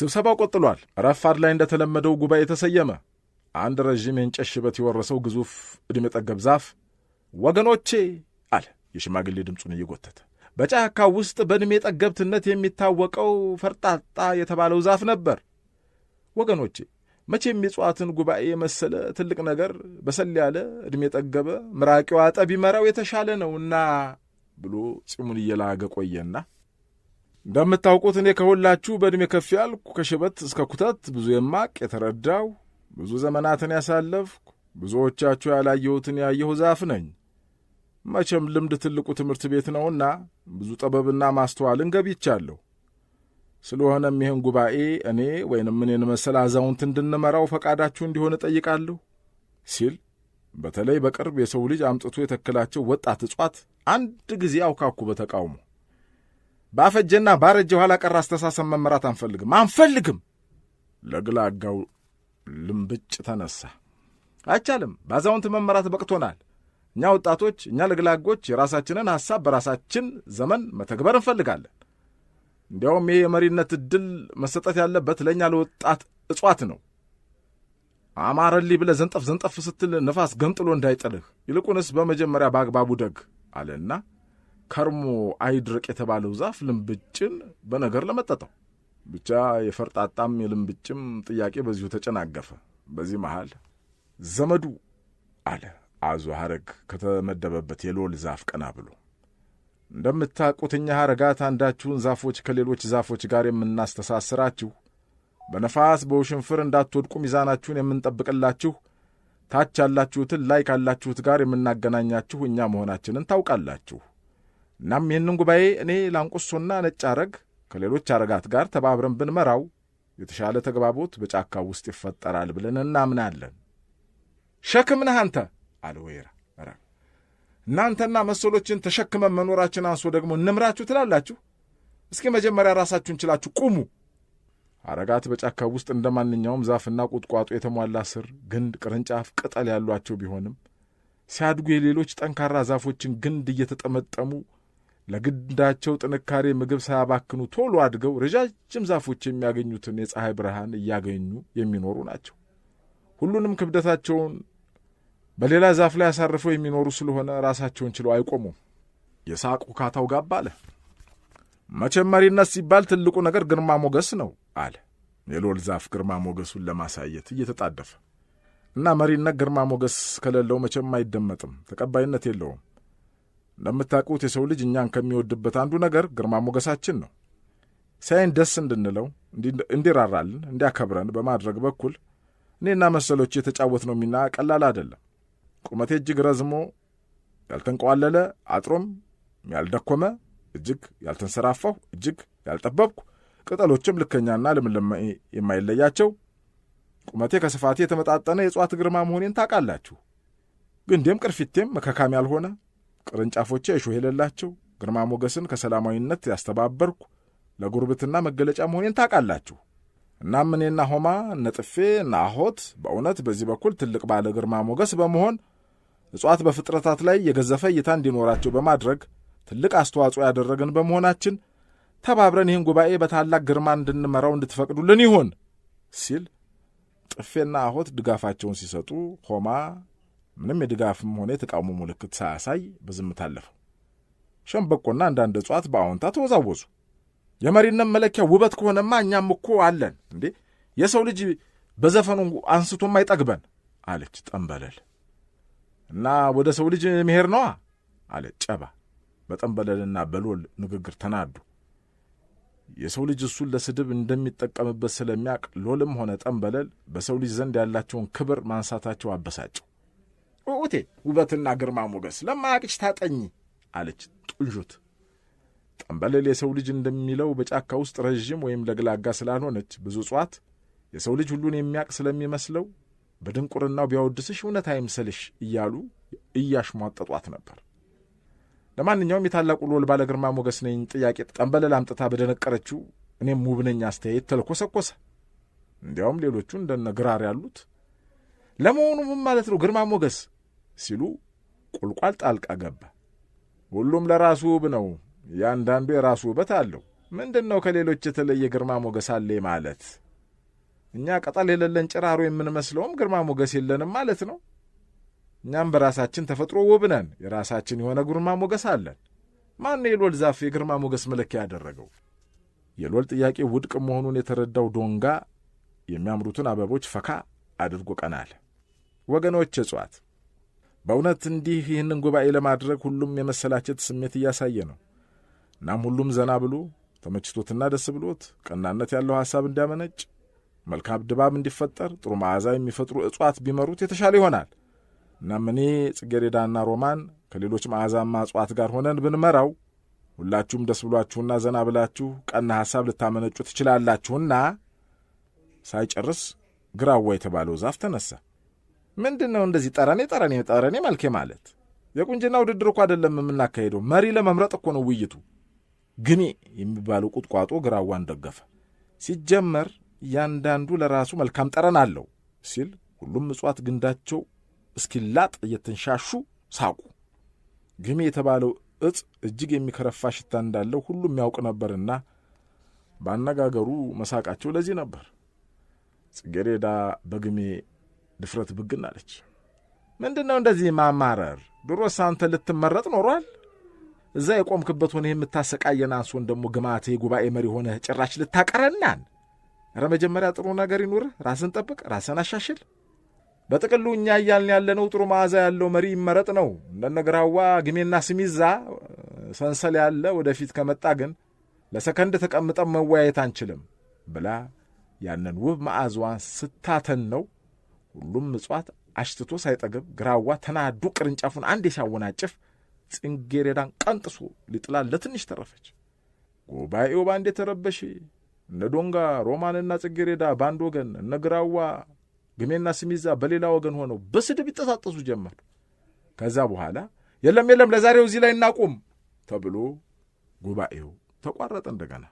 ስብሰባው ቀጥሏል። ረፋድ ላይ እንደተለመደው ጉባኤ ተሰየመ። አንድ ረዥም የእንጨት ሽበት የወረሰው ግዙፍ ዕድሜ ጠገብ ዛፍ ወገኖቼ አለ የሽማግሌ ድምፁን እየጎተተ በጫካ ውስጥ በዕድሜ ጠገብትነት የሚታወቀው ፈርጣጣ የተባለው ዛፍ ነበር። ወገኖቼ መቼም የሚጽዋትን ጉባኤ የመሰለ ትልቅ ነገር በሰል ያለ ዕድሜ ጠገበ ምራቂዋ ጠ የተሻለ ነውና ብሎ ጺሙን እየላገ ቆየና እንደምታውቁት እኔ ከሁላችሁ በዕድሜ ከፍ ያልኩ ከሽበት እስከ ኩተት ብዙ የማቅ የተረዳው ብዙ ዘመናትን ያሳለፍኩ ብዙዎቻችሁ ያላየሁትን ያየሁ ዛፍ ነኝ። መቼም ልምድ ትልቁ ትምህርት ቤት ነውና ብዙ ጥበብና ማስተዋልን ገቢቻለሁ። ስለሆነም ይህን ጉባኤ እኔ ወይንም እኔን መሰል አዛውንት እንድንመራው ፈቃዳችሁ እንዲሆን እጠይቃለሁ ሲል በተለይ በቅርብ የሰው ልጅ አምጥቶ የተከላቸው ወጣት እጽዋት አንድ ጊዜ አውካኩ በተቃውሞ በአፈጀና ባረጀ ኋላ ቀር አስተሳሰብ መመራት አንፈልግም አንፈልግም። ለግላጋው ልምብጭ ተነሳ። አይቻልም። በአዛውንት መመራት በቅቶናል። እኛ ወጣቶች፣ እኛ ለግላጎች የራሳችንን ሐሳብ በራሳችን ዘመን መተግበር እንፈልጋለን። እንዲያውም ይሄ የመሪነት ዕድል መሰጠት ያለበት ለእኛ ለወጣት እጽዋት ነው። አማረልህ ብለህ ዘንጠፍ ዘንጠፍ ስትል ነፋስ ገምጥሎ እንዳይጥልህ፣ ይልቁንስ በመጀመሪያ በአግባቡ ደግ አለና ከርሞ አይድረቅ የተባለው ዛፍ ልምብጭን በነገር ለመጠጠው። ብቻ የፈርጣጣም የልምብጭም ጥያቄ በዚሁ ተጨናገፈ። በዚህ መሃል ዘመዱ አለ አዞ ሐረግ ከተመደበበት የሎል ዛፍ ቀና ብሎ እንደምታውቁት እኛ ሐረጋት አንዳችሁን ዛፎች ከሌሎች ዛፎች ጋር የምናስተሳስራችሁ በነፋስ በውሽንፍር እንዳትወድቁ ሚዛናችሁን የምንጠብቅላችሁ ታች ያላችሁትን ላይ ካላችሁት ጋር የምናገናኛችሁ እኛ መሆናችንን ታውቃላችሁ እናም ይህንን ጉባኤ እኔ ላንቁሶና ነጭ አረግ ከሌሎች አረጋት ጋር ተባብረን ብንመራው የተሻለ ተግባቦት በጫካው ውስጥ ይፈጠራል ብለን እናምናለን። ሸክም ነህ አንተ አለ ወይራ። እናንተና መሰሎችን ተሸክመን መኖራችን አንሶ ደግሞ እንምራችሁ ትላላችሁ? እስኪ መጀመሪያ ራሳችሁን ችላችሁ ቁሙ። አረጋት በጫካው ውስጥ እንደ ማንኛውም ዛፍና ቁጥቋጦ የተሟላ ስር፣ ግንድ፣ ቅርንጫፍ፣ ቅጠል ያሏቸው ቢሆንም ሲያድጉ የሌሎች ጠንካራ ዛፎችን ግንድ እየተጠመጠሙ ለግንዳቸው ጥንካሬ ምግብ ሳያባክኑ ቶሎ አድገው ረዣዥም ዛፎች የሚያገኙትን የፀሐይ ብርሃን እያገኙ የሚኖሩ ናቸው። ሁሉንም ክብደታቸውን በሌላ ዛፍ ላይ አሳርፈው የሚኖሩ ስለሆነ ራሳቸውን ችለው አይቆሙም። የሳቅ ውካታው ጋብ አለ። መቼም መሪነት ሲባል ትልቁ ነገር ግርማ ሞገስ ነው አለ የሎል ዛፍ ግርማ ሞገሱን ለማሳየት እየተጣደፈ እና መሪነት ግርማ ሞገስ ከሌለው መቼም አይደመጥም፣ ተቀባይነት የለውም። እንደምታውቁት የሰው ልጅ እኛን ከሚወድበት አንዱ ነገር ግርማ ሞገሳችን ነው። ሲያይን ደስ እንድንለው፣ እንዲራራልን፣ እንዲያከብረን በማድረግ በኩል እኔና መሰሎች የተጫወት ነው ሚና ቀላል አይደለም። ቁመቴ እጅግ ረዝሞ ያልተንቋለለ አጥሮም ያልደኮመ እጅግ ያልተንሰራፋሁ እጅግ ያልጠበብኩ ቅጠሎችም ልከኛና ልምላሜ የማይለያቸው ቁመቴ ከስፋቴ የተመጣጠነ የእጽዋት ግርማ መሆኔን ታውቃላችሁ። ግንዴም ቅርፊቴም መካካም ያልሆነ ቅርንጫፎቼ እሾህ የሌላቸው ግርማ ሞገስን ከሰላማዊነት ያስተባበርኩ ለጉርብትና መገለጫ መሆኔን ታውቃላችሁ። እናም እኔና ሆማ ነጥፌ አሆት በእውነት በዚህ በኩል ትልቅ ባለ ግርማ ሞገስ በመሆን እጽዋት በፍጥረታት ላይ የገዘፈ እይታ እንዲኖራቸው በማድረግ ትልቅ አስተዋጽኦ ያደረግን በመሆናችን ተባብረን ይህን ጉባኤ በታላቅ ግርማ እንድንመራው እንድትፈቅዱልን ይሁን ሲል ጥፌና አሆት ድጋፋቸውን ሲሰጡ ሆማ ምንም የድጋፍም ሆነ የተቃውሞ ምልክት ሳያሳይ በዝምታ አለፈው። ሸምበቆና አንዳንድ እጽዋት በአዎንታ ተወዛወዙ። የመሪነት መለኪያ ውበት ከሆነማ እኛም እኮ አለን እንዴ! የሰው ልጅ በዘፈኑ አንስቶም አይጠግበን አለች ጠንበለል። እና ወደ ሰው ልጅ መሄድ ነዋ አለ ጨባ በጠንበለልና በሎል ንግግር ተናዱ። የሰው ልጅ እሱን ለስድብ እንደሚጠቀምበት ስለሚያውቅ ሎልም ሆነ ጠንበለል በሰው ልጅ ዘንድ ያላቸውን ክብር ማንሳታቸው አበሳጨው። ዑዑቴ ውበትና ግርማ ሞገስ ለማያቅች ታጠኝ አለች ጡልዦት። ጠንበለል የሰው ልጅ እንደሚለው በጫካ ውስጥ ረዥም ወይም ለግላጋ ስላልሆነች ብዙ እጽዋት የሰው ልጅ ሁሉን የሚያውቅ ስለሚመስለው በድንቁርናው ቢያወድስሽ እውነት አይምሰልሽ እያሉ እያሽሟጠጧት ነበር። ለማንኛውም የታላቁ ልዑል ባለ ግርማ ሞገስ ነኝ ጥያቄ ጠንበለል አምጥታ በደነቀረችው እኔም ውብነኝ አስተያየት ተልኮሰኮሰ። እንዲያውም ሌሎቹ እንደነ ግራር ያሉት ለመሆኑ ምን ማለት ነው ግርማ ሞገስ ሲሉ ቁልቋል ጣልቃ ገባ። ሁሉም ለራሱ ውብ ነው፣ እያንዳንዱ የራሱ ውበት አለው። ምንድን ነው ከሌሎች የተለየ ግርማ ሞገስ አለ ማለት? እኛ ቅጠል የሌለን ጭራሮ የምንመስለውም ግርማ ሞገስ የለንም ማለት ነው። እኛም በራሳችን ተፈጥሮ ውብ ነን፣ የራሳችን የሆነ ግርማ ሞገስ አለን። ማን የሎል ዛፍ የግርማ ሞገስ መለኪያ ያደረገው? የሎል ጥያቄ ውድቅ መሆኑን የተረዳው ዶንጋ የሚያምሩትን አበቦች ፈካ አድርጎ ቀና አለ። ወገኖች እጽዋት በእውነት እንዲህ ይህንን ጉባኤ ለማድረግ ሁሉም የመሰላቸት ስሜት እያሳየ ነው። እናም ሁሉም ዘና ብሎ ተመችቶትና ደስ ብሎት ቀናነት ያለው ሐሳብ እንዲያመነጭ መልካም ድባብ እንዲፈጠር ጥሩ መዓዛ የሚፈጥሩ እጽዋት ቢመሩት የተሻለ ይሆናል። እናም እኔ ጽጌሬዳና ሮማን ከሌሎች መዓዛማ እጽዋት ጋር ሆነን ብንመራው ሁላችሁም ደስ ብሏችሁና ዘና ብላችሁ ቀና ሐሳብ ልታመነጩ ትችላላችሁና። ሳይጨርስ ግራዋ የተባለው ዛፍ ተነሳ። ምንድን ነው እንደዚህ ጠረኔ ጠረኔ ጠረኔ መልኬ ማለት የቁንጅና ውድድር እኮ አይደለም የምናካሄደው፣ መሪ ለመምረጥ እኮ ነው ውይይቱ። ግሜ የሚባለው ቁጥቋጦ ግራዋን ደገፈ። ሲጀመር እያንዳንዱ ለራሱ መልካም ጠረን አለው ሲል ሁሉም እጽዋት ግንዳቸው እስኪላጥ እየተንሻሹ ሳቁ። ግሜ የተባለው እጽ እጅግ የሚከረፋ ሽታ እንዳለው ሁሉም ያውቅ ነበርና በአነጋገሩ መሳቃቸው ለዚህ ነበር። ጽጌሬዳ በግሜ ድፍረት ብግን አለች። ምንድን ነው እንደዚህ ማማረር? ድሮስ አንተ ልትመረጥ ኖሯል። እዛ የቆምክበት ሆነህ የምታሰቃየን አንሶን ደግሞ ግማቴ ጉባኤ መሪ ሆነህ ጭራሽ ልታቀረናን። ኧረ መጀመሪያ ጥሩ ነገር ይኑርህ፣ ራስን ጠብቅ፣ ራስን አሻሽል። በጥቅሉ እኛ እያልን ያለነው ጥሩ መዓዛ ያለው መሪ ይመረጥ ነው። እንደነግራዋ ግሜና ስሚዛ ሰንሰል ያለ ወደፊት ከመጣ ግን ለሰከንድ ተቀምጠን መወያየት አንችልም ብላ ያንን ውብ መዓዛዋን ስታተን ነው ሁሉም እጽዋት አሽትቶ ሳይጠግብ ግራዋ ተናዱ ቅርንጫፉን አንዴ ሲያወናጭፍ ጽጌረዳን ቀንጥሶ ሊጥላ ለትንሽ ተረፈች። ጉባኤው ባንዴ ተረበሽ። እነ ዶንጋ ሮማንና ጽጌሬዳ በአንድ ወገን፣ እነ ግራዋ ግሜና ስሚዛ በሌላ ወገን ሆነው በስድብ ይጠሳጠሱ ጀመር። ከዛ በኋላ የለም የለም፣ ለዛሬው እዚህ ላይ እናቁም ተብሎ ጉባኤው ተቋረጠ እንደገና